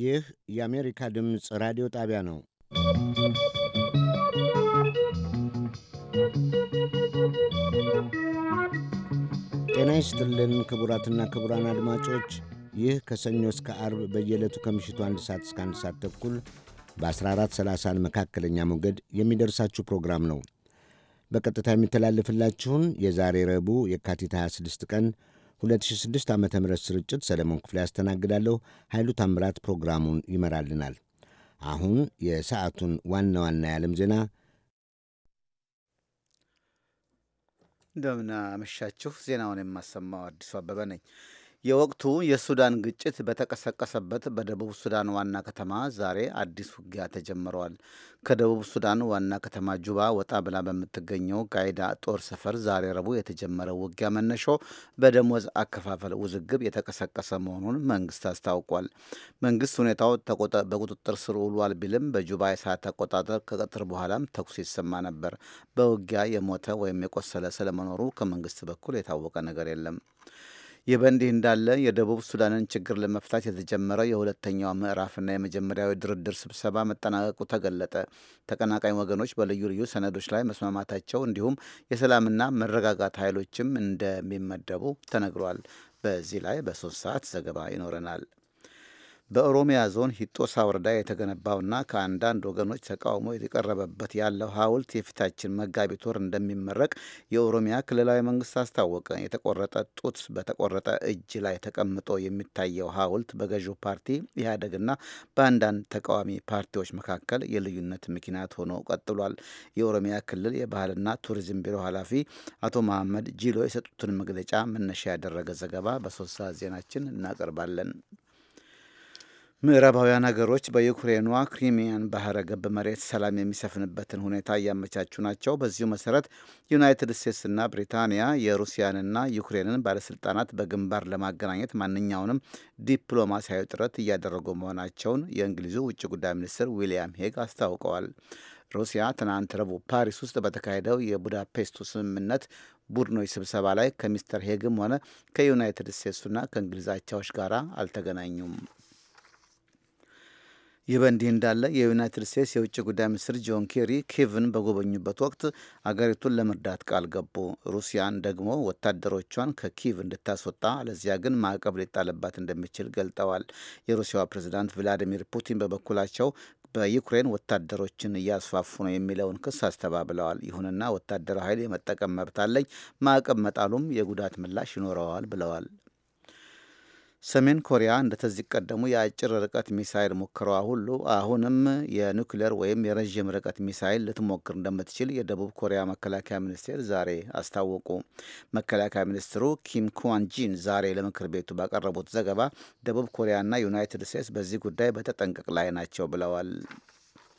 ይህ የአሜሪካ ድምፅ ራዲዮ ጣቢያ ነው። ጤና ይስጥልን ክቡራትና ክቡራን አድማጮች ይህ ከሰኞ እስከ አርብ በየዕለቱ ከምሽቱ አንድ ሰዓት እስከ አንድ ሰዓት ተኩል በ1430 መካከለኛ ሞገድ የሚደርሳችሁ ፕሮግራም ነው። በቀጥታ የሚተላለፍላችሁን የዛሬ ረቡዕ የካቲት 26 ቀን 2006 ዓ ም ስርጭት ሰለሞን ክፍሌ ያስተናግዳለሁ። ኃይሉ ታምራት ፕሮግራሙን ይመራልናል። አሁን የሰዓቱን ዋና ዋና የዓለም ዜና። እንደምን አመሻችሁ። ዜናውን የማሰማው አዲሱ አበበ ነኝ። የወቅቱ የሱዳን ግጭት በተቀሰቀሰበት በደቡብ ሱዳን ዋና ከተማ ዛሬ አዲስ ውጊያ ተጀምረዋል። ከደቡብ ሱዳን ዋና ከተማ ጁባ ወጣ ብላ በምትገኘው ጋይዳ ጦር ሰፈር ዛሬ ረቡዕ የተጀመረው ውጊያ መነሾ በደሞዝ አከፋፈል ውዝግብ የተቀሰቀሰ መሆኑን መንግስት አስታውቋል። መንግስት ሁኔታው በቁጥጥር ስር ውሏል ቢልም በጁባ የሰዓት አቆጣጠር ከቀትር በኋላም ተኩስ ይሰማ ነበር። በውጊያ የሞተ ወይም የቆሰለ ስለመኖሩ ከመንግስት በኩል የታወቀ ነገር የለም። ይህ በእንዲህ እንዳለ የደቡብ ሱዳንን ችግር ለመፍታት የተጀመረው የሁለተኛው ምዕራፍና የመጀመሪያው ድርድር ስብሰባ መጠናቀቁ ተገለጠ። ተቀናቃኝ ወገኖች በልዩ ልዩ ሰነዶች ላይ መስማማታቸው እንዲሁም የሰላምና መረጋጋት ኃይሎችም እንደሚመደቡ ተነግሯል። በዚህ ላይ በሶስት ሰዓት ዘገባ ይኖረናል። በኦሮሚያ ዞን ሂጦሳ ወረዳ የተገነባውና ከአንዳንድ ወገኖች ተቃውሞ የተቀረበበት ያለው ሐውልት የፊታችን መጋቢት ወር እንደሚመረቅ የኦሮሚያ ክልላዊ መንግስት አስታወቀ። የተቆረጠ ጡት በተቆረጠ እጅ ላይ ተቀምጦ የሚታየው ሐውልት በገዢው ፓርቲ ኢህአዴግና በአንዳንድ ተቃዋሚ ፓርቲዎች መካከል የልዩነት ምክንያት ሆኖ ቀጥሏል። የኦሮሚያ ክልል የባህልና ቱሪዝም ቢሮ ኃላፊ አቶ መሐመድ ጂሎ የሰጡትን መግለጫ መነሻ ያደረገ ዘገባ በሶስት ሰዓት ዜናችን እናቀርባለን። ምዕራባውያን ሀገሮች በዩክሬኗ ክሪሚያን ባህረ ገብ መሬት ሰላም የሚሰፍንበትን ሁኔታ እያመቻቹ ናቸው። በዚሁ መሰረት ዩናይትድ ስቴትስና ብሪታንያ የሩሲያንና ዩክሬንን ባለስልጣናት በግንባር ለማገናኘት ማንኛውንም ዲፕሎማሲያዊ ጥረት እያደረጉ መሆናቸውን የእንግሊዙ ውጭ ጉዳይ ሚኒስትር ዊልያም ሄግ አስታውቀዋል። ሩሲያ ትናንት ረቡዕ ፓሪስ ውስጥ በተካሄደው የቡዳፔስቱ ስምምነት ቡድኖች ስብሰባ ላይ ከሚስተር ሄግም ሆነ ከዩናይትድ ስቴትሱና ከእንግሊዝ አቻዎች ጋር አልተገናኙም። ይህ በእንዲህ እንዳለ የዩናይትድ ስቴትስ የውጭ ጉዳይ ሚኒስትር ጆን ኬሪ ኪቭን በጎበኙበት ወቅት አገሪቱን ለመርዳት ቃል ገቡ። ሩሲያን ደግሞ ወታደሮቿን ከኪቭ እንድታስወጣ አለዚያ ግን ማዕቀብ ሊጣልባት እንደሚችል ገልጠዋል። የሩሲያዋ ፕሬዚዳንት ቭላዲሚር ፑቲን በበኩላቸው በዩክሬን ወታደሮችን እያስፋፉ ነው የሚለውን ክስ አስተባብለዋል። ይሁንና ወታደራዊ ኃይል የመጠቀም መብት አለኝ፣ ማዕቀብ መጣሉም የጉዳት ምላሽ ይኖረዋል ብለዋል። ሰሜን ኮሪያ እንደተዚህ ቀደሙ የአጭር ርቀት ሚሳይል ሙከራዋ ሁሉ አሁንም የኒውክሌር ወይም የረዥም ርቀት ሚሳይል ልትሞክር እንደምትችል የደቡብ ኮሪያ መከላከያ ሚኒስቴር ዛሬ አስታወቁ። መከላከያ ሚኒስትሩ ኪም ኳንጂን ዛሬ ለምክር ቤቱ ባቀረቡት ዘገባ ደቡብ ኮሪያና ዩናይትድ ስቴትስ በዚህ ጉዳይ በተጠንቀቅ ላይ ናቸው ብለዋል።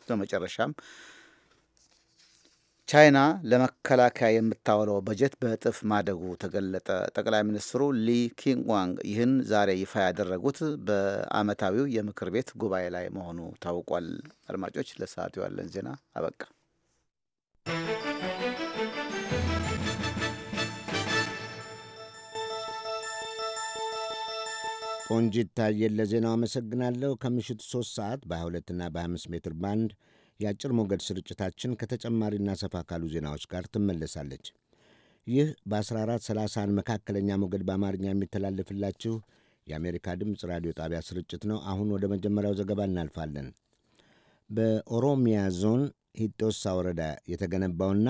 በመጨረሻም ቻይና ለመከላከያ የምታውለው በጀት በእጥፍ ማደጉ ተገለጠ። ጠቅላይ ሚኒስትሩ ሊ ኪንግዋንግ ይህን ዛሬ ይፋ ያደረጉት በዓመታዊው የምክር ቤት ጉባኤ ላይ መሆኑ ታውቋል። አድማጮች፣ ለሰዓቱ ያለን ዜና አበቃ። ቆንጂት ታየለ ዜናው አመሰግናለሁ። ከምሽቱ 3 ሰዓት በ22ና በ25 ሜትር ባንድ የአጭር ሞገድ ስርጭታችን ከተጨማሪና ሰፋ ካሉ ዜናዎች ጋር ትመለሳለች። ይህ በ1430 መካከለኛ ሞገድ በአማርኛ የሚተላለፍላችሁ የአሜሪካ ድምፅ ራዲዮ ጣቢያ ስርጭት ነው። አሁን ወደ መጀመሪያው ዘገባ እናልፋለን። በኦሮሚያ ዞን ሂጦሳ ወረዳ የተገነባውና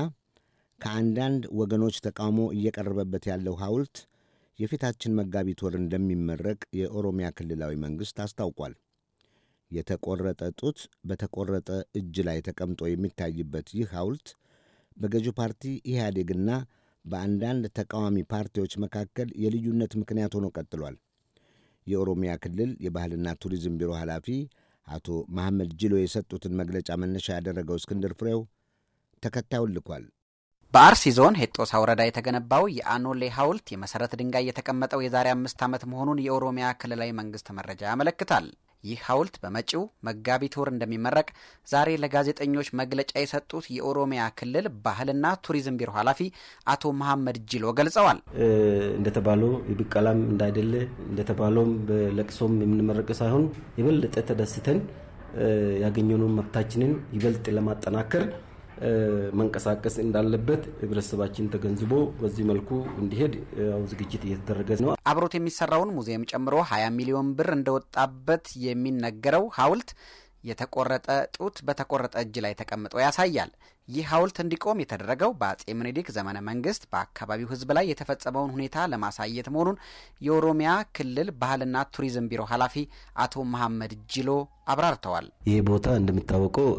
ከአንዳንድ ወገኖች ተቃውሞ እየቀረበበት ያለው ሐውልት የፊታችን መጋቢት ወር እንደሚመረቅ የኦሮሚያ ክልላዊ መንግሥት አስታውቋል። የተቆረጠ ጡት በተቆረጠ እጅ ላይ ተቀምጦ የሚታይበት ይህ ሐውልት በገዢው ፓርቲ ኢህአዴግና በአንዳንድ ተቃዋሚ ፓርቲዎች መካከል የልዩነት ምክንያት ሆኖ ቀጥሏል። የኦሮሚያ ክልል የባህልና ቱሪዝም ቢሮ ኃላፊ አቶ መሐመድ ጅሎ የሰጡትን መግለጫ መነሻ ያደረገው እስክንድር ፍሬው ተከታዩን ልኳል። በአርሲ ዞን ሄጦሳ ወረዳ የተገነባው የአኖሌ ሐውልት የመሠረት ድንጋይ የተቀመጠው የዛሬ አምስት ዓመት መሆኑን የኦሮሚያ ክልላዊ መንግሥት መረጃ ያመለክታል። ይህ ሐውልት በመጪው መጋቢት ወር እንደሚመረቅ ዛሬ ለጋዜጠኞች መግለጫ የሰጡት የኦሮሚያ ክልል ባህልና ቱሪዝም ቢሮ ኃላፊ አቶ መሐመድ ጅሎ ገልጸዋል። እንደተባለው የብቀላም እንዳይደለ እንደተባለውም በለቅሶም የምንመረቅ ሳይሆን የበለጠ ተደስተን ያገኘነውን መብታችንን ይበልጥ ለማጠናከር መንቀሳቀስ እንዳለበት ህብረተሰባችን ተገንዝቦ በዚህ መልኩ እንዲሄድ ያው ዝግጅት እየተደረገ ነው። አብሮት የሚሰራውን ሙዚየም ጨምሮ 20 ሚሊዮን ብር እንደወጣበት የሚነገረው ሀውልት የተቆረጠ ጡት በተቆረጠ እጅ ላይ ተቀምጦ ያሳያል። ይህ ሐውልት እንዲቆም የተደረገው በአጼ ምኒልክ ዘመነ መንግስት በአካባቢው ህዝብ ላይ የተፈጸመውን ሁኔታ ለማሳየት መሆኑን የኦሮሚያ ክልል ባህልና ቱሪዝም ቢሮ ኃላፊ አቶ መሐመድ ጅሎ አብራርተዋል። ይህ ቦታ እንደሚታወቀው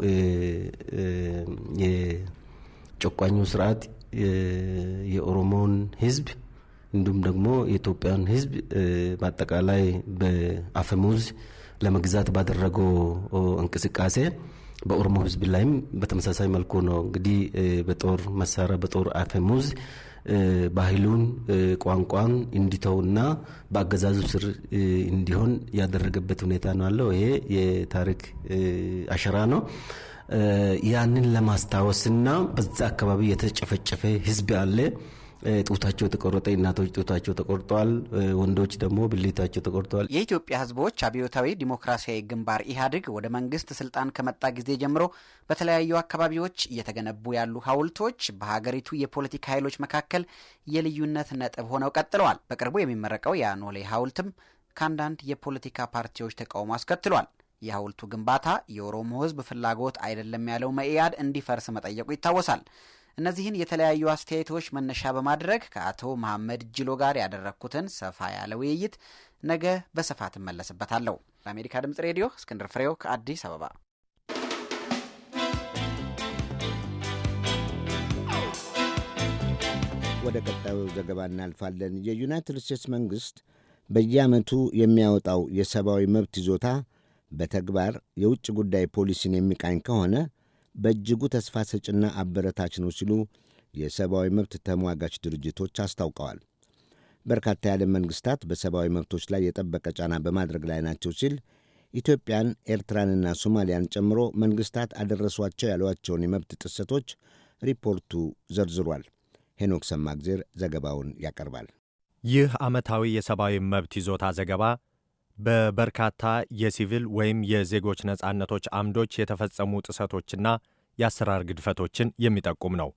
የጨቋኙ ስርዓት የኦሮሞውን ህዝብ እንዲሁም ደግሞ የኢትዮጵያን ህዝብ በአጠቃላይ በአፈሙዝ ለመግዛት ባደረገው እንቅስቃሴ በኦሮሞ ህዝብ ላይም በተመሳሳይ መልኩ ነው እንግዲህ በጦር መሳሪያ በጦር አፈሙዝ ባህሉን ቋንቋን እንዲተውና በአገዛዙ ስር እንዲሆን ያደረገበት ሁኔታ ነው አለው። ይሄ የታሪክ አሸራ ነው። ያንን ለማስታወስና በዛ አካባቢ የተጨፈጨፈ ህዝብ አለ ጡታቸው የተቆረጠ እናቶች ጡታቸው ተቆርጠዋል። ወንዶች ደግሞ ብልታቸው ተቆርጠዋል። የኢትዮጵያ ሕዝቦች አብዮታዊ ዲሞክራሲያዊ ግንባር ኢህአዴግ ወደ መንግስት ስልጣን ከመጣ ጊዜ ጀምሮ በተለያዩ አካባቢዎች እየተገነቡ ያሉ ሐውልቶች በሀገሪቱ የፖለቲካ ኃይሎች መካከል የልዩነት ነጥብ ሆነው ቀጥለዋል። በቅርቡ የሚመረቀው የኖሌ ሐውልትም ከአንዳንድ የፖለቲካ ፓርቲዎች ተቃውሞ አስከትሏል። የሀውልቱ ግንባታ የኦሮሞ ሕዝብ ፍላጎት አይደለም ያለው መኢአድ እንዲፈርስ መጠየቁ ይታወሳል። እነዚህን የተለያዩ አስተያየቶች መነሻ በማድረግ ከአቶ መሐመድ ጅሎ ጋር ያደረግኩትን ሰፋ ያለ ውይይት ነገ በስፋት እመለስበታለሁ። ለአሜሪካ ድምጽ ሬዲዮ እስክንድር ፍሬው ከአዲስ አበባ። ወደ ቀጣዩ ዘገባ እናልፋለን። የዩናይትድ ስቴትስ መንግሥት በየዓመቱ የሚያወጣው የሰብአዊ መብት ይዞታ በተግባር የውጭ ጉዳይ ፖሊሲን የሚቃኝ ከሆነ በእጅጉ ተስፋ ሰጭና አበረታች ነው ሲሉ የሰብአዊ መብት ተሟጋች ድርጅቶች አስታውቀዋል። በርካታ የዓለም መንግሥታት በሰብአዊ መብቶች ላይ የጠበቀ ጫና በማድረግ ላይ ናቸው ሲል ኢትዮጵያን፣ ኤርትራንና ሶማሊያን ጨምሮ መንግሥታት አደረሷቸው ያሏቸውን የመብት ጥሰቶች ሪፖርቱ ዘርዝሯል። ሄኖክ ሰማግዜር ዘገባውን ያቀርባል። ይህ ዓመታዊ የሰብአዊ መብት ይዞታ ዘገባ በበርካታ የሲቪል ወይም የዜጎች ነጻነቶች አምዶች የተፈጸሙ ጥሰቶችና የአሰራር ግድፈቶችን የሚጠቁም ነው።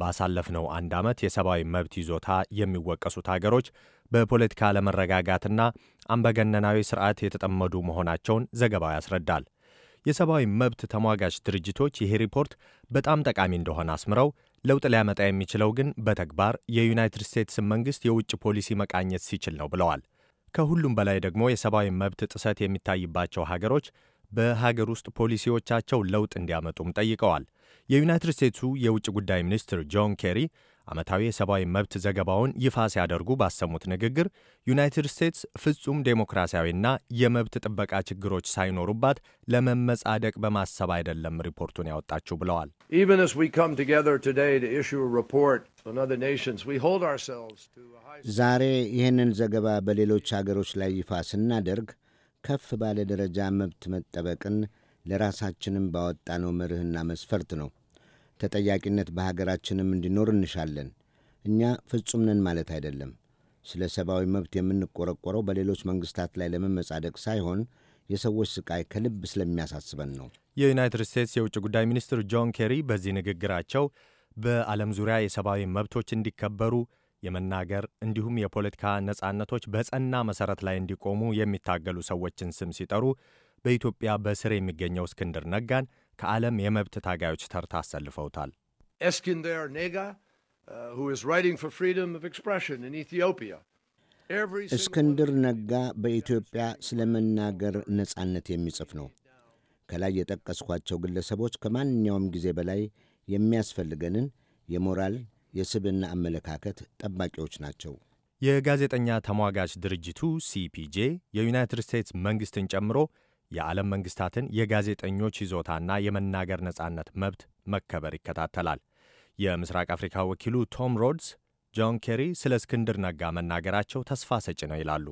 ባሳለፍነው አንድ ዓመት የሰብአዊ መብት ይዞታ የሚወቀሱት አገሮች በፖለቲካ አለመረጋጋትና አምባገነናዊ ስርዓት የተጠመዱ መሆናቸውን ዘገባው ያስረዳል። የሰብአዊ መብት ተሟጋች ድርጅቶች ይሄ ሪፖርት በጣም ጠቃሚ እንደሆነ አስምረው ለውጥ ሊያመጣ የሚችለው ግን በተግባር የዩናይትድ ስቴትስን መንግሥት የውጭ ፖሊሲ መቃኘት ሲችል ነው ብለዋል። ከሁሉም በላይ ደግሞ የሰብአዊ መብት ጥሰት የሚታይባቸው ሀገሮች በሀገር ውስጥ ፖሊሲዎቻቸው ለውጥ እንዲያመጡም ጠይቀዋል። የዩናይትድ ስቴትሱ የውጭ ጉዳይ ሚኒስትር ጆን ኬሪ ዓመታዊ የሰብአዊ መብት ዘገባውን ይፋ ሲያደርጉ ባሰሙት ንግግር ዩናይትድ ስቴትስ ፍጹም ዴሞክራሲያዊና የመብት ጥበቃ ችግሮች ሳይኖሩባት ለመመጻደቅ በማሰብ አይደለም ሪፖርቱን ያወጣችው ብለዋል። ዛሬ ይህንን ዘገባ በሌሎች አገሮች ላይ ይፋ ስናደርግ ከፍ ባለ ደረጃ መብት መጠበቅን ለራሳችንም ባወጣነው መርህና መስፈርት ነው ተጠያቂነት በሀገራችንም እንዲኖር እንሻለን። እኛ ፍጹም ነን ማለት አይደለም። ስለ ሰብአዊ መብት የምንቆረቆረው በሌሎች መንግስታት ላይ ለመመጻደቅ ሳይሆን የሰዎች ስቃይ ከልብ ስለሚያሳስበን ነው። የዩናይትድ ስቴትስ የውጭ ጉዳይ ሚኒስትር ጆን ኬሪ በዚህ ንግግራቸው በዓለም ዙሪያ የሰብአዊ መብቶች እንዲከበሩ የመናገር እንዲሁም የፖለቲካ ነጻነቶች በጸና መሠረት ላይ እንዲቆሙ የሚታገሉ ሰዎችን ስም ሲጠሩ በኢትዮጵያ በስር የሚገኘው እስክንድር ነጋን ከዓለም የመብት ታጋዮች ተርታ አሰልፈውታል። ኤስኪንደር ኔጋ እስክንድር ነጋ በኢትዮጵያ ስለ መናገር ነጻነት የሚጽፍ ነው። ከላይ የጠቀስኳቸው ግለሰቦች ከማንኛውም ጊዜ በላይ የሚያስፈልገንን የሞራል የስብና አመለካከት ጠባቂዎች ናቸው። የጋዜጠኛ ተሟጋች ድርጅቱ ሲፒጄ የዩናይትድ ስቴትስ መንግሥትን ጨምሮ የዓለም መንግሥታትን የጋዜጠኞች ይዞታና የመናገር ነጻነት መብት መከበር ይከታተላል። የምስራቅ አፍሪካ ወኪሉ ቶም ሮድስ ጆን ኬሪ ስለ እስክንድር ነጋ መናገራቸው ተስፋ ሰጭ ነው ይላሉ።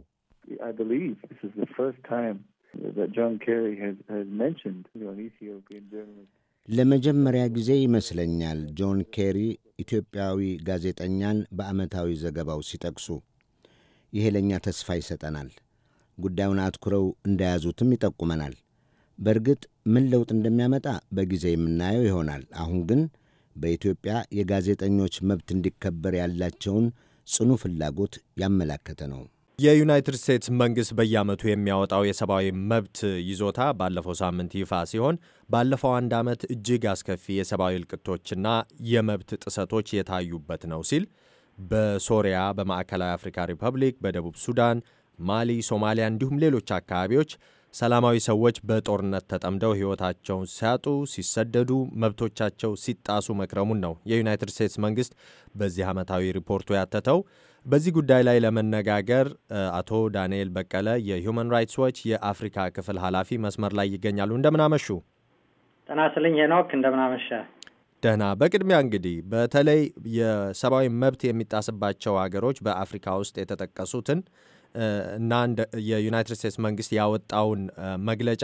ለመጀመሪያ ጊዜ ይመስለኛል ጆን ኬሪ ኢትዮጵያዊ ጋዜጠኛን በዓመታዊ ዘገባው ሲጠቅሱ። ይሄ ለእኛ ተስፋ ይሰጠናል። ጉዳዩን አትኩረው እንደያዙትም ይጠቁመናል። በእርግጥ ምን ለውጥ እንደሚያመጣ በጊዜ የምናየው ይሆናል። አሁን ግን በኢትዮጵያ የጋዜጠኞች መብት እንዲከበር ያላቸውን ጽኑ ፍላጎት ያመላከተ ነው። የዩናይትድ ስቴትስ መንግስት በየዓመቱ የሚያወጣው የሰብአዊ መብት ይዞታ ባለፈው ሳምንት ይፋ ሲሆን ባለፈው አንድ ዓመት እጅግ አስከፊ የሰብአዊ እልቅቶችና የመብት ጥሰቶች የታዩበት ነው ሲል በሶሪያ፣ በማዕከላዊ አፍሪካ ሪፐብሊክ፣ በደቡብ ሱዳን፣ ማሊ፣ ሶማሊያ እንዲሁም ሌሎች አካባቢዎች ሰላማዊ ሰዎች በጦርነት ተጠምደው ሕይወታቸውን ሲያጡ፣ ሲሰደዱ፣ መብቶቻቸው ሲጣሱ መክረሙን ነው የዩናይትድ ስቴትስ መንግስት በዚህ ዓመታዊ ሪፖርቱ ያተተው። በዚህ ጉዳይ ላይ ለመነጋገር አቶ ዳንኤል በቀለ የሁማን ራይትስ ዎች የአፍሪካ ክፍል ኃላፊ መስመር ላይ ይገኛሉ። እንደምናመሹ ጤና ይስጥልኝ ሄኖክ፣ እንደምናመሸ ደህና። በቅድሚያ እንግዲህ በተለይ የሰብአዊ መብት የሚጣስባቸው ሀገሮች በአፍሪካ ውስጥ የተጠቀሱትን እና የዩናይትድ ስቴትስ መንግስት ያወጣውን መግለጫ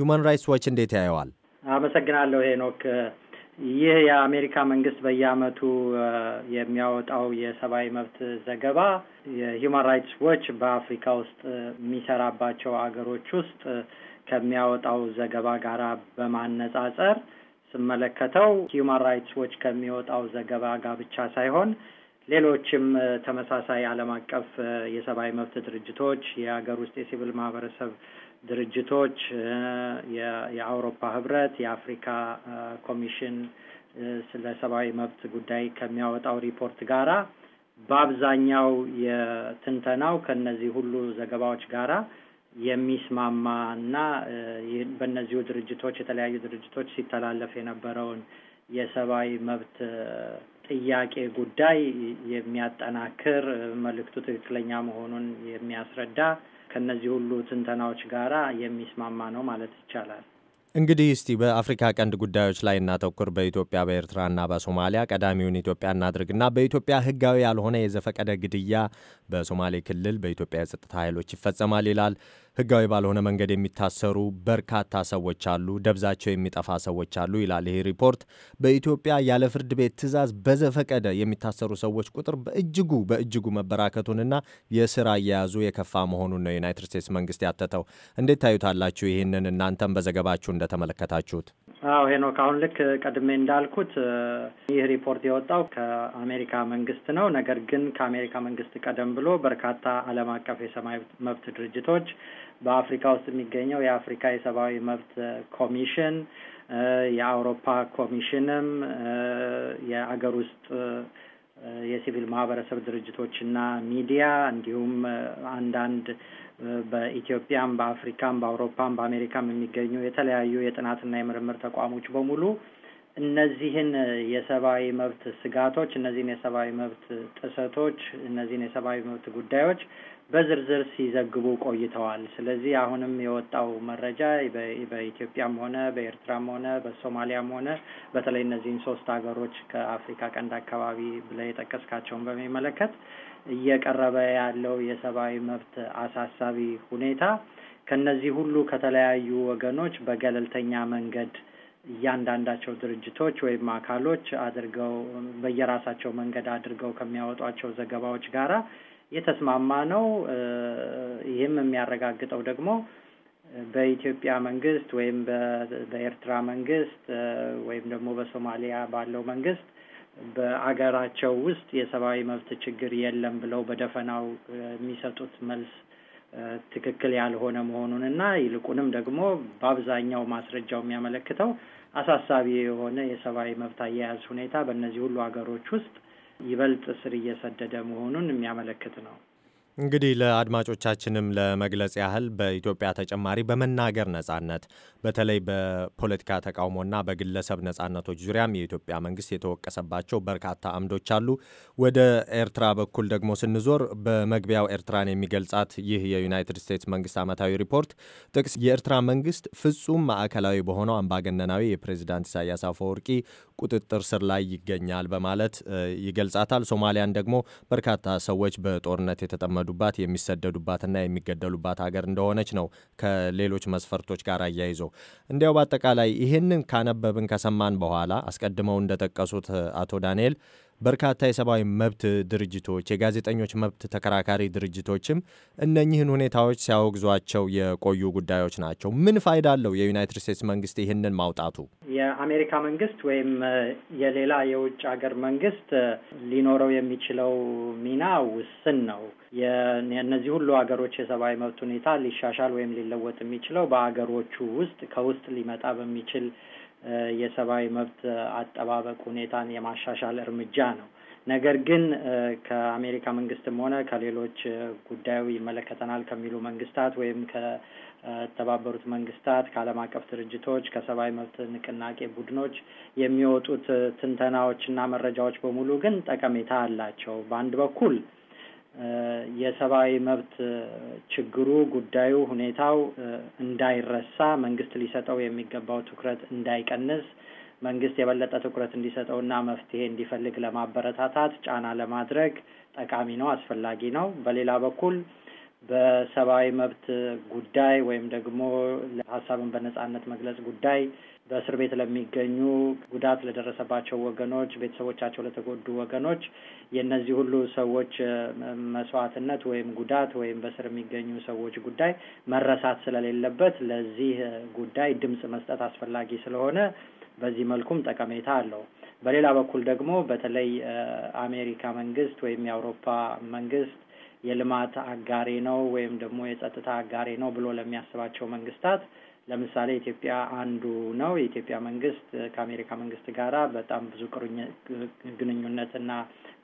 ሁማን ራይትስ ዎች እንዴት ያየዋል? አመሰግናለሁ ሄኖክ። ይህ የአሜሪካ መንግስት በየአመቱ የሚያወጣው የሰብአዊ መብት ዘገባ የሁማን ራይትስ ዎች በአፍሪካ ውስጥ የሚሰራባቸው አገሮች ውስጥ ከሚያወጣው ዘገባ ጋር በማነጻጸር ስመለከተው ሁማን ራይትስ ዎች ከሚወጣው ዘገባ ጋር ብቻ ሳይሆን ሌሎችም ተመሳሳይ ዓለም አቀፍ የሰብአዊ መብት ድርጅቶች፣ የሀገር ውስጥ የሲቪል ማህበረሰብ ድርጅቶች፣ የአውሮፓ ህብረት፣ የአፍሪካ ኮሚሽን ስለ ሰብአዊ መብት ጉዳይ ከሚያወጣው ሪፖርት ጋራ በአብዛኛው የትንተናው ከነዚህ ሁሉ ዘገባዎች ጋራ የሚስማማ እና በእነዚሁ ድርጅቶች የተለያዩ ድርጅቶች ሲተላለፍ የነበረውን የሰብአዊ መብት ጥያቄ ጉዳይ የሚያጠናክር መልእክቱ ትክክለኛ መሆኑን የሚያስረዳ ከነዚህ ሁሉ ትንተናዎች ጋራ የሚስማማ ነው ማለት ይቻላል። እንግዲህ እስቲ በአፍሪካ ቀንድ ጉዳዮች ላይ እናተኩር። በኢትዮጵያ በኤርትራና በሶማሊያ ቀዳሚውን ኢትዮጵያ እናድርግና በኢትዮጵያ ሕጋዊ ያልሆነ የዘፈቀደ ግድያ በሶማሌ ክልል በኢትዮጵያ የጸጥታ ኃይሎች ይፈጸማል ይላል። ህጋዊ ባልሆነ መንገድ የሚታሰሩ በርካታ ሰዎች አሉ፣ ደብዛቸው የሚጠፋ ሰዎች አሉ ይላል ይህ ሪፖርት። በኢትዮጵያ ያለ ፍርድ ቤት ትዕዛዝ በዘፈቀደ የሚታሰሩ ሰዎች ቁጥር በእጅጉ በእጅጉ መበራከቱንና የስራ አያያዙ የከፋ መሆኑን ነው ዩናይትድ ስቴትስ መንግስት ያተተው። እንዴት ታዩታላችሁ? ይህንን እናንተም በዘገባችሁ እንደተመለከታችሁት አዎ ሄኖክ፣ አሁን ልክ ቀድሜ እንዳልኩት ይህ ሪፖርት የወጣው ከአሜሪካ መንግስት ነው። ነገር ግን ከአሜሪካ መንግስት ቀደም ብሎ በርካታ ዓለም አቀፍ የሰብአዊ መብት ድርጅቶች በአፍሪካ ውስጥ የሚገኘው የአፍሪካ የሰብአዊ መብት ኮሚሽን የአውሮፓ ኮሚሽንም የአገር ውስጥ የሲቪል ማህበረሰብ ድርጅቶችና ሚዲያ እንዲሁም አንዳንድ በኢትዮጵያም በአፍሪካም በአውሮፓም በአሜሪካም የሚገኙ የተለያዩ የጥናትና የምርምር ተቋሞች በሙሉ እነዚህን የሰብአዊ መብት ስጋቶች፣ እነዚህን የሰብአዊ መብት ጥሰቶች፣ እነዚህን የሰብአዊ መብት ጉዳዮች በዝርዝር ሲዘግቡ ቆይተዋል። ስለዚህ አሁንም የወጣው መረጃ በኢትዮጵያም ሆነ በኤርትራም ሆነ በሶማሊያም ሆነ በተለይ እነዚህን ሶስት ሀገሮች ከአፍሪካ ቀንድ አካባቢ ብለህ የጠቀስካቸውን በሚመለከት እየቀረበ ያለው የሰብአዊ መብት አሳሳቢ ሁኔታ ከነዚህ ሁሉ ከተለያዩ ወገኖች በገለልተኛ መንገድ እያንዳንዳቸው ድርጅቶች ወይም አካሎች አድርገው በየራሳቸው መንገድ አድርገው ከሚያወጧቸው ዘገባዎች ጋራ የተስማማ ነው። ይህም የሚያረጋግጠው ደግሞ በኢትዮጵያ መንግስት ወይም በኤርትራ መንግስት ወይም ደግሞ በሶማሊያ ባለው መንግስት በአገራቸው ውስጥ የሰብአዊ መብት ችግር የለም ብለው በደፈናው የሚሰጡት መልስ ትክክል ያልሆነ መሆኑን እና ይልቁንም ደግሞ በአብዛኛው ማስረጃው የሚያመለክተው አሳሳቢ የሆነ የሰብአዊ መብት አያያዝ ሁኔታ በእነዚህ ሁሉ ሀገሮች ውስጥ ይበልጥ ስር እየሰደደ መሆኑን የሚያመለክት ነው። እንግዲህ ለአድማጮቻችንም ለመግለጽ ያህል በኢትዮጵያ ተጨማሪ በመናገር ነጻነት በተለይ በፖለቲካ ተቃውሞና በግለሰብ ነጻነቶች ዙሪያም የኢትዮጵያ መንግስት የተወቀሰባቸው በርካታ አምዶች አሉ። ወደ ኤርትራ በኩል ደግሞ ስንዞር በመግቢያው ኤርትራን የሚገልጻት ይህ የዩናይትድ ስቴትስ መንግስት ዓመታዊ ሪፖርት ጥቅስ የኤርትራ መንግስት ፍጹም ማዕከላዊ በሆነው አምባገነናዊ የፕሬዚዳንት ኢሳያስ አፈወርቂ ቁጥጥር ስር ላይ ይገኛል በማለት ይገልጻታል። ሶማሊያን ደግሞ በርካታ ሰዎች በጦርነት የተጠመዱ የሚሰደዱባት የሚሰደዱባትና የሚገደሉባት ሀገር እንደሆነች ነው ከሌሎች መስፈርቶች ጋር አያይዞ። እንዲያው በአጠቃላይ ይህንን ካነበብን ከሰማን በኋላ አስቀድመው እንደጠቀሱት አቶ ዳንኤል በርካታ የሰብአዊ መብት ድርጅቶች፣ የጋዜጠኞች መብት ተከራካሪ ድርጅቶችም እነኚህን ሁኔታዎች ሲያወግዟቸው የቆዩ ጉዳዮች ናቸው። ምን ፋይዳ አለው የዩናይትድ ስቴትስ መንግስት ይህንን ማውጣቱ? የአሜሪካ መንግስት ወይም የሌላ የውጭ ሀገር መንግስት ሊኖረው የሚችለው ሚና ውስን ነው። የእነዚህ ሁሉ ሀገሮች የሰብአዊ መብት ሁኔታ ሊሻሻል ወይም ሊለወጥ የሚችለው በሀገሮቹ ውስጥ ከውስጥ ሊመጣ በሚችል የሰብአዊ መብት አጠባበቅ ሁኔታን የማሻሻል እርምጃ ነው። ነገር ግን ከአሜሪካ መንግስትም ሆነ ከሌሎች ጉዳዩ ይመለከተናል ከሚሉ መንግስታት ወይም ከተባበሩት መንግስታት፣ ከዓለም አቀፍ ድርጅቶች፣ ከሰብአዊ መብት ንቅናቄ ቡድኖች የሚወጡት ትንተናዎችና መረጃዎች በሙሉ ግን ጠቀሜታ አላቸው። በአንድ በኩል የሰብአዊ መብት ችግሩ፣ ጉዳዩ፣ ሁኔታው እንዳይረሳ መንግስት ሊሰጠው የሚገባው ትኩረት እንዳይቀንስ መንግስት የበለጠ ትኩረት እንዲሰጠው እና መፍትሄ እንዲፈልግ ለማበረታታት ጫና ለማድረግ ጠቃሚ ነው፣ አስፈላጊ ነው። በሌላ በኩል በሰብአዊ መብት ጉዳይ ወይም ደግሞ ሀሳብን በነጻነት መግለጽ ጉዳይ በእስር ቤት ለሚገኙ ጉዳት ለደረሰባቸው ወገኖች፣ ቤተሰቦቻቸው ለተጎዱ ወገኖች የእነዚህ ሁሉ ሰዎች መስዋዕትነት ወይም ጉዳት ወይም በስር የሚገኙ ሰዎች ጉዳይ መረሳት ስለሌለበት ለዚህ ጉዳይ ድምጽ መስጠት አስፈላጊ ስለሆነ በዚህ መልኩም ጠቀሜታ አለው። በሌላ በኩል ደግሞ በተለይ አሜሪካ መንግስት ወይም የአውሮፓ መንግስት የልማት አጋሬ ነው ወይም ደግሞ የጸጥታ አጋሬ ነው ብሎ ለሚያስባቸው መንግስታት ለምሳሌ ኢትዮጵያ አንዱ ነው። የኢትዮጵያ መንግስት ከአሜሪካ መንግስት ጋራ በጣም ብዙ ግንኙነትና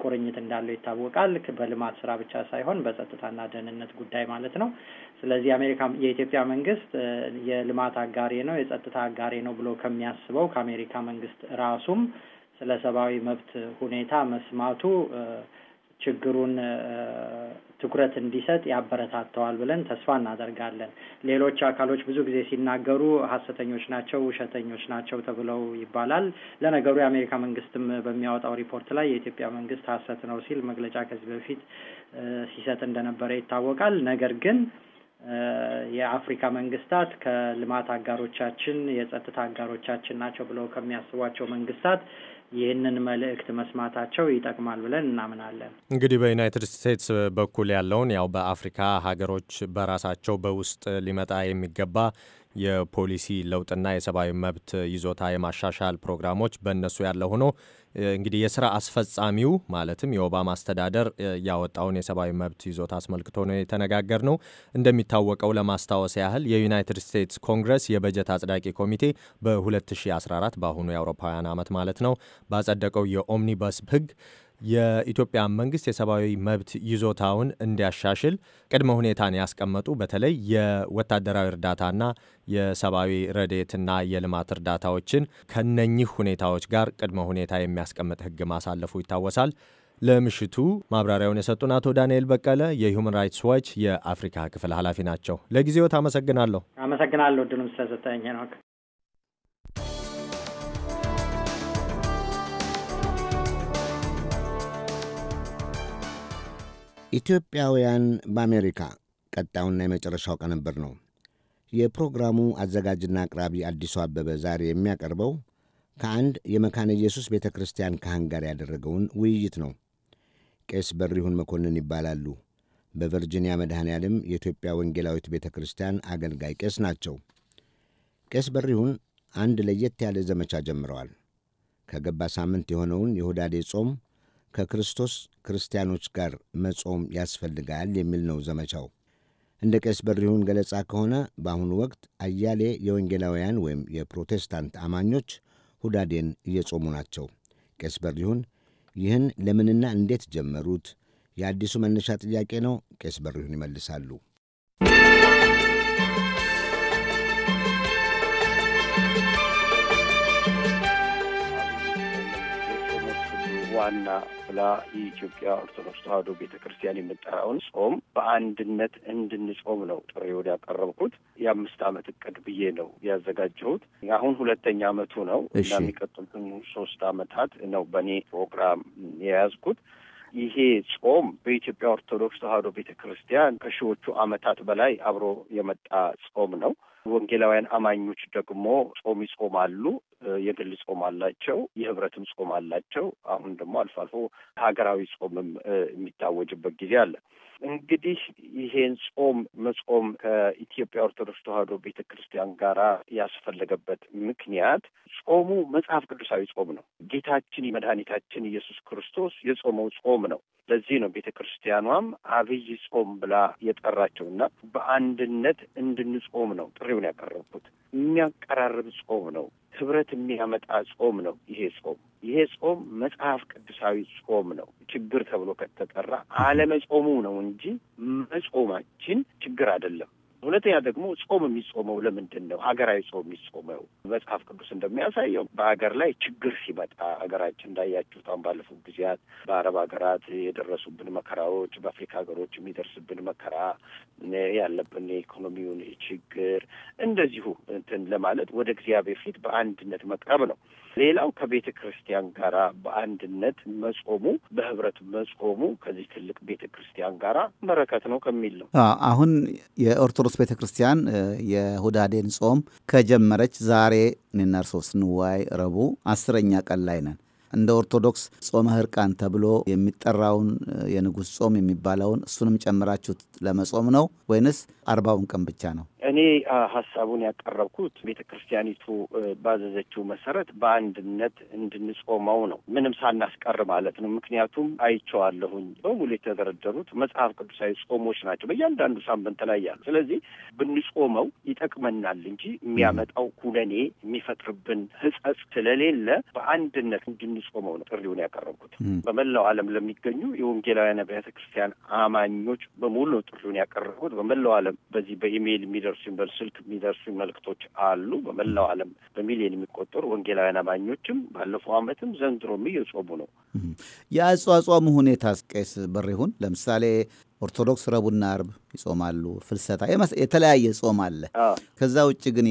ቁርኝት እንዳለው ይታወቃል። በልማት ስራ ብቻ ሳይሆን በጸጥታና ደህንነት ጉዳይ ማለት ነው። ስለዚህ አሜሪካ የኢትዮጵያ መንግስት የልማት አጋሬ ነው፣ የጸጥታ አጋሬ ነው ብሎ ከሚያስበው ከአሜሪካ መንግስት ራሱም ስለ ሰብአዊ መብት ሁኔታ መስማቱ ችግሩን ትኩረት እንዲሰጥ ያበረታተዋል ብለን ተስፋ እናደርጋለን። ሌሎች አካሎች ብዙ ጊዜ ሲናገሩ ሀሰተኞች ናቸው፣ ውሸተኞች ናቸው ተብለው ይባላል። ለነገሩ የአሜሪካ መንግስትም በሚያወጣው ሪፖርት ላይ የኢትዮጵያ መንግስት ሀሰት ነው ሲል መግለጫ ከዚህ በፊት ሲሰጥ እንደነበረ ይታወቃል። ነገር ግን የአፍሪካ መንግስታት ከልማት አጋሮቻችን፣ የጸጥታ አጋሮቻችን ናቸው ብለው ከሚያስቧቸው መንግስታት ይህንን መልእክት መስማታቸው ይጠቅማል ብለን እናምናለን። እንግዲህ በዩናይትድ ስቴትስ በኩል ያለውን ያው በአፍሪካ ሀገሮች በራሳቸው በውስጥ ሊመጣ የሚገባ የፖሊሲ ለውጥና የሰብአዊ መብት ይዞታ የማሻሻል ፕሮግራሞች በእነሱ ያለ ሆኖ እንግዲህ የስራ አስፈጻሚው ማለትም የኦባማ አስተዳደር ያወጣውን የሰብአዊ መብት ይዞታ አስመልክቶ ነው የተነጋገር ነው። እንደሚታወቀው ለማስታወስ ያህል የዩናይትድ ስቴትስ ኮንግረስ የበጀት አጽዳቂ ኮሚቴ በ2014 በአሁኑ የአውሮፓውያን ዓመት ማለት ነው ባጸደቀው የኦምኒበስ ህግ የኢትዮጵያ መንግስት የሰብአዊ መብት ይዞታውን እንዲያሻሽል ቅድመ ሁኔታን ያስቀመጡ በተለይ የወታደራዊ እርዳታና የሰብአዊ ረዴትና የልማት እርዳታዎችን ከነኚህ ሁኔታዎች ጋር ቅድመ ሁኔታ የሚያስቀምጥ ህግ ማሳለፉ ይታወሳል። ለምሽቱ ማብራሪያውን የሰጡን አቶ ዳንኤል በቀለ የሁማን ራይትስ ዋች የአፍሪካ ክፍል ኃላፊ ናቸው። ለጊዜዎት አመሰግናለሁ። አመሰግናለሁ ድሉም ስለሰጠኝ ነው። ኢትዮጵያውያን በአሜሪካ ቀጣዩና የመጨረሻው ቀንብር ነው። የፕሮግራሙ አዘጋጅና አቅራቢ አዲሱ አበበ ዛሬ የሚያቀርበው ከአንድ የመካነ ኢየሱስ ቤተ ክርስቲያን ካህን ጋር ያደረገውን ውይይት ነው። ቄስ በሪሁን መኮንን ይባላሉ። በቨርጂኒያ መድኃኔ ዓለም የኢትዮጵያ ወንጌላዊት ቤተ ክርስቲያን አገልጋይ ቄስ ናቸው። ቄስ በሪሁን አንድ ለየት ያለ ዘመቻ ጀምረዋል። ከገባ ሳምንት የሆነውን የሁዳዴ ጾም ከክርስቶስ ክርስቲያኖች ጋር መጾም ያስፈልጋል የሚል ነው ዘመቻው። እንደ ቄስ በሪሁን ገለጻ ከሆነ በአሁኑ ወቅት አያሌ የወንጌላውያን ወይም የፕሮቴስታንት አማኞች ሁዳዴን እየጾሙ ናቸው። ቄስ በሪሁን ይህን ለምንና እንዴት ጀመሩት? የአዲሱ መነሻ ጥያቄ ነው። ቄስ በሪሁን ይመልሳሉ። ዋና ብላ የኢትዮጵያ ኦርቶዶክስ ተዋሕዶ ቤተ ክርስቲያን የምጠራውን ጾም በአንድነት እንድንጾም ነው ጥሪ ወደ ያቀረብኩት የአምስት ዓመት እቅድ ብዬ ነው ያዘጋጀሁት። አሁን ሁለተኛ ዓመቱ ነው እና የሚቀጥሉትን ሶስት ዓመታት ነው በእኔ ፕሮግራም የያዝኩት። ይሄ ጾም በኢትዮጵያ ኦርቶዶክስ ተዋሕዶ ቤተ ክርስቲያን ከሺዎቹ ዓመታት በላይ አብሮ የመጣ ጾም ነው። ወንጌላውያን አማኞች ደግሞ ጾም ይጾማሉ። የግል ጾም አላቸው፣ የህብረትም ጾም አላቸው። አሁን ደግሞ አልፎ አልፎ ሀገራዊ ጾምም የሚታወጅበት ጊዜ አለ። እንግዲህ ይሄን ጾም መጾም ከኢትዮጵያ ኦርቶዶክስ ተዋህዶ ቤተ ክርስቲያን ጋር ያስፈለገበት ምክንያት ጾሙ መጽሐፍ ቅዱሳዊ ጾም ነው። ጌታችን መድኃኒታችን ኢየሱስ ክርስቶስ የጾመው ጾም ነው። ለዚህ ነው ቤተ ክርስቲያኗም አብይ ጾም ብላ የጠራቸውና በአንድነት እንድንጾም ነው ጥሪውን ያቀረብኩት። የሚያቀራርብ ጾም ነው፣ ህብረት የሚያመጣ ጾም ነው። ይሄ ጾም ይሄ ጾም መጽሐፍ ቅዱሳዊ ጾም ነው። ችግር ተብሎ ከተጠራ አለመጾሙ ነው እንጂ መጾማችን ችግር አይደለም። ሁለተኛ ደግሞ ጾም የሚጾመው ለምንድን ነው? ሀገራዊ ጾም የሚጾመው መጽሐፍ ቅዱስ እንደሚያሳየው በሀገር ላይ ችግር ሲመጣ ሀገራችን እንዳያችሁት አሁን ባለፉት ጊዜያት በአረብ ሀገራት የደረሱብን መከራዎች፣ በአፍሪካ ሀገሮች የሚደርስብን መከራ፣ ያለብን የኢኮኖሚውን ችግር እንደዚሁ እንትን ለማለት ወደ እግዚአብሔር ፊት በአንድነት መቅረብ ነው። ሌላው ከቤተ ክርስቲያን ጋር በአንድነት መጾሙ በህብረት መጾሙ ከዚህ ትልቅ ቤተ ክርስቲያን ጋር በረከት ነው ከሚል ነው። አሁን የኦርቶዶክስ ኦርቶዶክስ ቤተ ክርስቲያን የሁዳዴን ጾም ከጀመረች ዛሬ እኔና እርሶ ስንወያይ ረቡዕ አስረኛ ቀን ላይ ነን። እንደ ኦርቶዶክስ ጾመ ሕርቃን ተብሎ የሚጠራውን የንጉሥ ጾም የሚባለውን እሱንም ጨምራችሁት ለመጾም ነው ወይንስ አርባውን ቀን ብቻ ነው። እኔ ሀሳቡን ያቀረብኩት ቤተ ክርስቲያኒቱ ባዘዘችው መሰረት በአንድነት እንድንጾመው ነው፣ ምንም ሳናስቀር ማለት ነው። ምክንያቱም አይቼዋለሁኝ በሙሉ የተደረደሩት መጽሐፍ ቅዱሳዊ ጾሞች ናቸው በእያንዳንዱ ሳምንት ላይ ያሉ። ስለዚህ ብንጾመው ይጠቅመናል እንጂ የሚያመጣው ሁለኔ የሚፈጥርብን ህጸጽ ስለሌለ በአንድነት እንድንጾመው ነው ጥሪውን ያቀረብኩት። በመላው ዓለም ለሚገኙ የወንጌላውያን ቤተ ክርስቲያን አማኞች በሙሉ ጥሪውን ያቀረብኩት በመላው ዓለም በዚህ በኢሜይል የሚደርሱ በስልክ የሚደርሱ መልክቶች አሉ። በመላው ዓለም በሚሊዮን የሚቆጠሩ ወንጌላውያን አማኞችም ባለፈው ዓመትም ዘንድሮም እየጾሙ ነው። የአጽዋጽሙ ሁኔታ ቄስ በሪሁን ለምሳሌ ኦርቶዶክስ ረቡና አርብ ይጾማሉ። ፍልሰታ የተለያየ ጾም አለ። ከዛ ውጭ ግን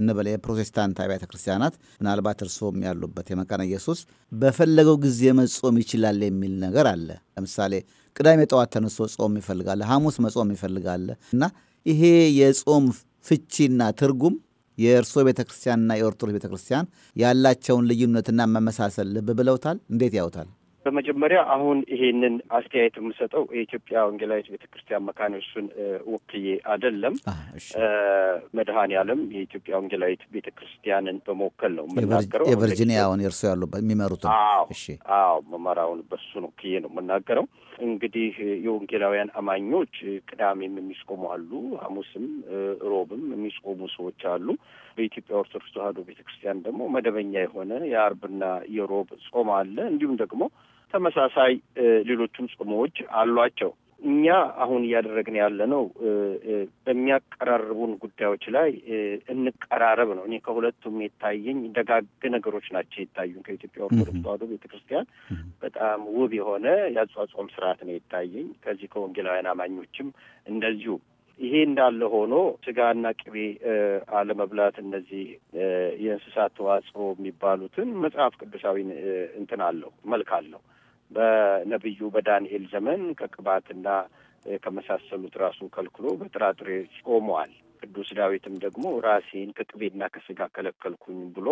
እንበለ የፕሮቴስታንት አብያተ ክርስቲያናት ምናልባት እርስዎም ያሉበት የመካነ ኢየሱስ በፈለገው ጊዜ መጾም ይችላል የሚል ነገር አለ። ለምሳሌ ቅዳሜ ጠዋት ተነስቶ ጾም ይፈልጋለ፣ ሐሙስ መጾም ይፈልጋለ እና ይሄ የጾም ፍቺና ትርጉም የእርሶ ቤተክርስቲያንና የኦርቶዶክስ ቤተክርስቲያን ያላቸውን ልዩነትና መመሳሰል ልብ ብለውታል? እንዴት ያውታል? በመጀመሪያ አሁን ይሄንን አስተያየት የምሰጠው የኢትዮጵያ ወንጌላዊት ቤተ ክርስቲያን መካነ ኢየሱስን ወክዬ አይደለም። መድኃኔዓለም የኢትዮጵያ ወንጌላዊት ቤተ ክርስቲያንን በመወከል ነው የምናገረው። የቨርጂኒያውን የእርሱ ያሉበት የሚመሩት አዎ፣ መመራውን በሱ ነው ወክዬ ነው የምናገረው። እንግዲህ የወንጌላውያን አማኞች ቅዳሜም የሚስቆሙ አሉ፣ ሐሙስም ሮብም የሚስቆሙ ሰዎች አሉ። በኢትዮጵያ ኦርቶዶክስ ተዋሕዶ ቤተ ክርስቲያን ደግሞ መደበኛ የሆነ የአርብና የሮብ ጾም አለ እንዲሁም ደግሞ ተመሳሳይ ሌሎቹም ጾሞች አሏቸው። እኛ አሁን እያደረግን ያለ ነው በሚያቀራርቡን ጉዳዮች ላይ እንቀራረብ ነው። እኔ ከሁለቱም የታየኝ ደጋግ ነገሮች ናቸው የታዩን። ከኢትዮጵያ ኦርቶዶክስ ተዋሕዶ ቤተ ክርስቲያን በጣም ውብ የሆነ የአጽዋጽም ስርዓት ነው የታየኝ። ከዚህ ከወንጌላውያን አማኞችም እንደዚሁ። ይሄ እንዳለ ሆኖ ስጋና ቅቤ አለመብላት፣ እነዚህ የእንስሳት ተዋጽኦ የሚባሉትን መጽሐፍ ቅዱሳዊ እንትን አለው መልክ አለው። በነቢዩ በዳንኤል ዘመን ከቅባትና ከመሳሰሉት ራሱን ከልክሎ በጥራጥሬ ቆመዋል። ቅዱስ ዳዊትም ደግሞ ራሴን ከቅቤና ከስጋ ከለከልኩኝ ብሎ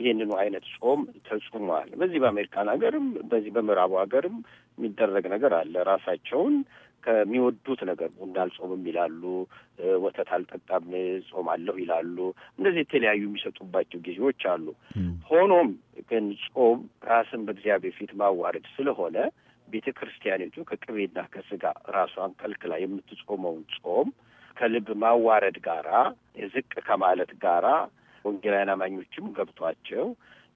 ይህንኑ አይነት ጾም ተጽሟል። በዚህ በአሜሪካን ሀገርም በዚህ በምዕራቡ ሀገርም የሚደረግ ነገር አለ። ራሳቸውን ከሚወዱት ነገር ቡና አልጾምም ይላሉ፣ ወተት አልጠጣም ጾማለሁ ይላሉ። እንደዚህ የተለያዩ የሚሰጡባቸው ጊዜዎች አሉ። ሆኖም ግን ጾም ራስን በእግዚአብሔር ፊት ማዋረድ ስለሆነ ቤተ ክርስቲያኒቱ ከቅቤና ከስጋ ራሷን ከልክላ የምትጾመውን ጾም ከልብ ማዋረድ ጋራ ዝቅ ከማለት ጋራ ወንጌላውያን አማኞችም ገብቷቸው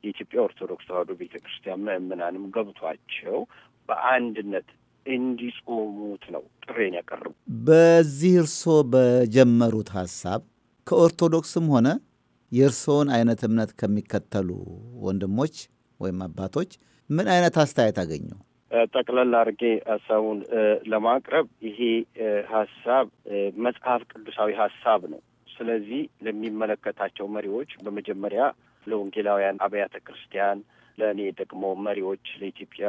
የኢትዮጵያ ኦርቶዶክስ ተዋሕዶ ቤተ ክርስቲያን ምእምናንም ገብቷቸው በአንድነት እንዲጾሙት ነው ጥሬን ያቀርቡ። በዚህ እርሶ በጀመሩት ሀሳብ ከኦርቶዶክስም ሆነ የእርስዎን አይነት እምነት ከሚከተሉ ወንድሞች ወይም አባቶች ምን አይነት አስተያየት አገኙ? ጠቅለል አድርጌ ሀሳቡን ለማቅረብ ይሄ ሀሳብ መጽሐፍ ቅዱሳዊ ሀሳብ ነው። ስለዚህ ለሚመለከታቸው መሪዎች በመጀመሪያ ለወንጌላውያን አብያተ ክርስቲያን ለእኔ ደግሞ መሪዎች ለኢትዮጵያ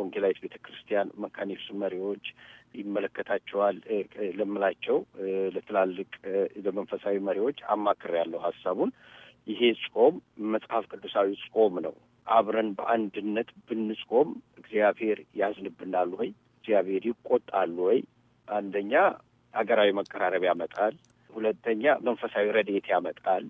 ወንጌላዊት ቤተ ክርስቲያን መካነ ኢየሱስ መሪዎች ይመለከታቸዋል ለምላቸው ለትላልቅ ለመንፈሳዊ መሪዎች አማክር ያለው ሀሳቡን ይሄ ጾም መጽሐፍ ቅዱሳዊ ጾም ነው። አብረን በአንድነት ብንጾም እግዚአብሔር ያዝንብናል ወይ? እግዚአብሔር ይቆጣል ወይ? አንደኛ ሀገራዊ መቀራረብ ያመጣል። ሁለተኛ መንፈሳዊ ረድኤት ያመጣል።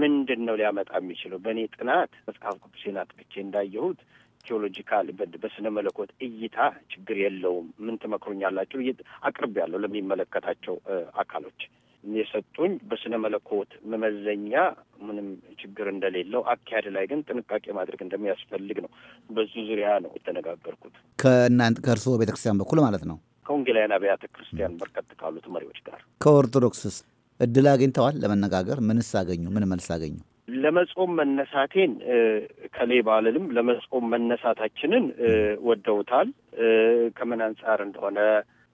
ምንድን ነው ሊያመጣ የሚችለው? በእኔ ጥናት መጽሐፍ ቅዱሴን አጥንቼ እንዳየሁት ቴዎሎጂካል በስነ መለኮት እይታ ችግር የለውም። ምን ትመክሩኛላችሁ? አቅርብ ያለው ለሚመለከታቸው አካሎች የሰጡኝ በስነ መለኮት መመዘኛ ምንም ችግር እንደሌለው፣ አካሄድ ላይ ግን ጥንቃቄ ማድረግ እንደሚያስፈልግ ነው። በዙ ዙሪያ ነው የተነጋገርኩት ከእናንተ ከእርስዎ ቤተክርስቲያን በኩል ማለት ነው ከወንጌላውያን አብያተ ክርስቲያን በርከት ካሉት መሪዎች ጋር ከኦርቶዶክስስ እድል አግኝተዋል ለመነጋገር? ምንስ አገኙ? ምን መልስ አገኙ? ለመጾም መነሳቴን ከላይ ባልልም ለመጾም መነሳታችንን ወደውታል። ከምን አንጻር እንደሆነ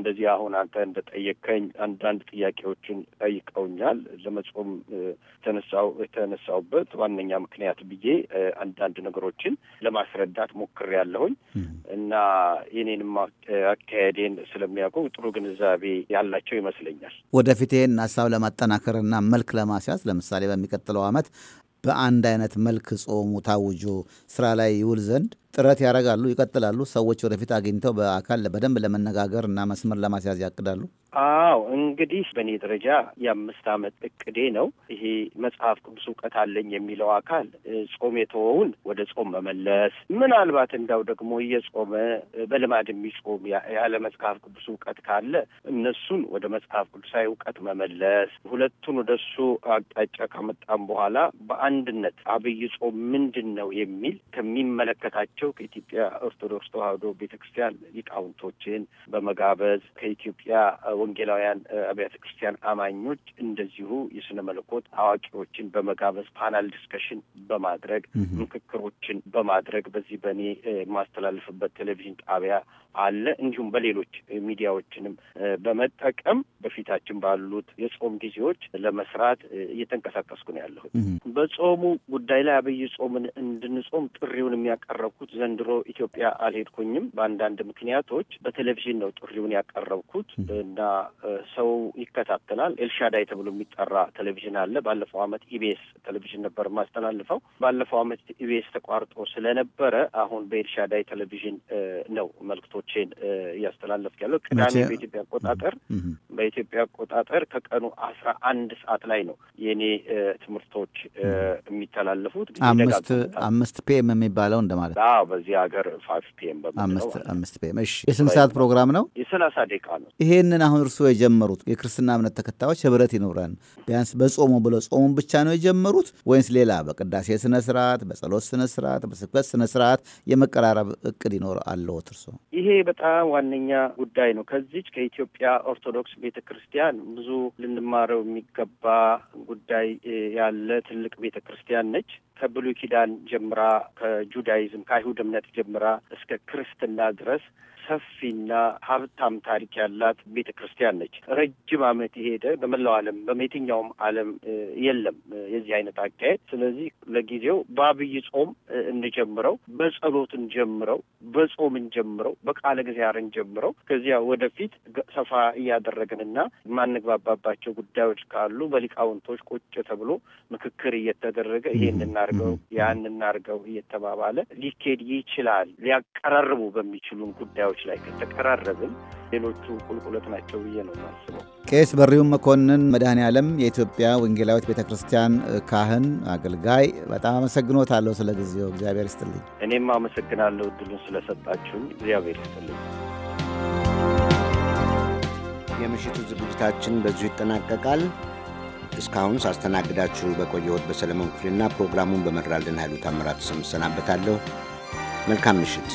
እንደዚህ አሁን አንተ እንደጠየቀኝ አንዳንድ ጥያቄዎችን ጠይቀውኛል። ለመጾም የተነሳው የተነሳውበት ዋነኛ ምክንያት ብዬ አንዳንድ ነገሮችን ለማስረዳት ያለሁኝ እና የኔንም አካሄዴን ስለሚያውቁ ጥሩ ግንዛቤ ያላቸው ይመስለኛል። ወደፊት ይህን ሀሳብ ለማጠናከርና መልክ ለማስያዝ ለምሳሌ በሚቀጥለው ዓመት በአንድ አይነት መልክ ጾሙ ታውጆ ስራ ላይ ይውል ዘንድ ጥረት ያደርጋሉ፣ ይቀጥላሉ። ሰዎች ወደፊት አግኝተው በአካል በደንብ ለመነጋገር እና መስመር ለማስያዝ ያቅዳሉ። አዎ እንግዲህ በእኔ ደረጃ የአምስት አመት እቅዴ ነው። ይሄ መጽሐፍ ቅዱስ እውቀት አለኝ የሚለው አካል ጾም የተወውን ወደ ጾም መመለስ፣ ምናልባት እንዳው ደግሞ እየጾመ በልማድ የሚጾም ያለ መጽሐፍ ቅዱስ እውቀት ካለ እነሱን ወደ መጽሐፍ ቅዱሳዊ እውቀት መመለስ፣ ሁለቱን ወደ እሱ አቅጣጫ ከመጣም በኋላ በአንድነት አብይ ጾም ምንድን ነው የሚል ከሚመለከታቸው ናቸው። ከኢትዮጵያ ኦርቶዶክስ ተዋህዶ ቤተክርስቲያን ሊቃውንቶችን በመጋበዝ ከኢትዮጵያ ወንጌላውያን አብያተ ክርስቲያን አማኞች እንደዚሁ የስነ መለኮት አዋቂዎችን በመጋበዝ ፓናል ዲስከሽን በማድረግ ምክክሮችን በማድረግ በዚህ በእኔ የማስተላልፍበት ቴሌቪዥን ጣቢያ አለ። እንዲሁም በሌሎች ሚዲያዎችንም በመጠቀም በፊታችን ባሉት የጾም ጊዜዎች ለመስራት እየተንቀሳቀስኩ ነው ያለሁት። በጾሙ ጉዳይ ላይ አብይ ጾምን እንድንጾም ጥሪውን የሚያቀረብኩት ዘንድሮ ኢትዮጵያ አልሄድኩኝም። በአንዳንድ ምክንያቶች በቴሌቪዥን ነው ጥሪውን ያቀረብኩት እና ሰው ይከታተላል። ኤልሻዳይ ተብሎ የሚጠራ ቴሌቪዥን አለ። ባለፈው ዓመት ኢቢኤስ ቴሌቪዥን ነበር የማስተላልፈው። ባለፈው ዓመት ኢቢኤስ ተቋርጦ ስለነበረ አሁን በኤልሻዳይ ቴሌቪዥን ነው መልክቶቼን እያስተላለፍኩ ያለው። ቅዳሜ በኢትዮጵያ አቆጣጠር በኢትዮጵያ አቆጣጠር ከቀኑ አስራ አንድ ሰዓት ላይ ነው የእኔ ትምህርቶች የሚተላለፉት አምስት አምስት ፒኤም የሚባለው እንደማለት አዎ በዚህ ሀገር ፋይቭ ፒኤም በአምስት አምስት ፒኤም። እሺ የስንት ሰዓት ፕሮግራም ነው? የሰላሳ ደቂቃ ነው። ይሄንን አሁን እርስዎ የጀመሩት የክርስትና እምነት ተከታዮች ህብረት ይኖራል ቢያንስ በጾሙ ብለው ጾሙን ብቻ ነው የጀመሩት ወይንስ ሌላ በቅዳሴ ስነ ስርዓት፣ በጸሎት ስነ ስርዓት፣ በስብከት ስነ ስርዓት የመቀራረብ እቅድ ይኖር አለዎት እርስዎ? ይሄ በጣም ዋነኛ ጉዳይ ነው። ከዚች ከኢትዮጵያ ኦርቶዶክስ ቤተ ክርስቲያን ብዙ ልንማረው የሚገባ ጉዳይ ያለ ትልቅ ቤተ ክርስቲያን ነች። ከብሉይ ኪዳን ጀምራ ከጁዳይዝም ከአይሁድ እምነት ጀምራ እስከ ክርስትና ድረስ ሰፊና ሀብታም ታሪክ ያላት ቤተ ክርስቲያን ነች። ረጅም ዓመት የሄደ በመላው ዓለም በየትኛውም ዓለም የለም የዚህ አይነት አካሄድ። ስለዚህ ለጊዜው በአብይ ጾም እንጀምረው፣ በጸሎት እንጀምረው፣ በጾም እንጀምረው፣ በቃለ እግዚአብሔር እንጀምረው። ከዚያ ወደፊት ሰፋ እያደረግንና የማንግባባባቸው ጉዳዮች ካሉ በሊቃውንቶች ቁጭ ተብሎ ምክክር እየተደረገ ይሄን እናርገው ያን እናርገው እየተባባለ ሊኬድ ይችላል ሊያቀራርቡ በሚችሉን ጉዳዮች ጉዳዮች ላይ ከተቀራረብን ሌሎቹ ቁልቁለት ናቸው ብዬ ነው የማስበው። ቄስ በሪሁም መኮንን መድኃኔ ዓለም የኢትዮጵያ ወንጌላዊት ቤተ ክርስቲያን ካህን አገልጋይ፣ በጣም አመሰግኖታለሁ ስለ ጊዜው። እግዚአብሔር ይስጥልኝ። እኔም አመሰግናለሁ እድሉን ስለሰጣችሁም። እግዚአብሔር ይስጥልኝ። የምሽቱ ዝግጅታችን በዚሁ ይጠናቀቃል። እስካሁን ሳስተናግዳችሁ በቆየሁት በሰለሞን ክፍልና ፕሮግራሙን በመራልን ኃይሉ ታምራት ስም እሰናበታለሁ። መልካም ምሽት።